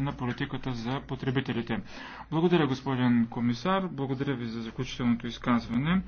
на политиката за потребителите. Благодаря, господин комисар. Благодаря ви за заключителното изказване.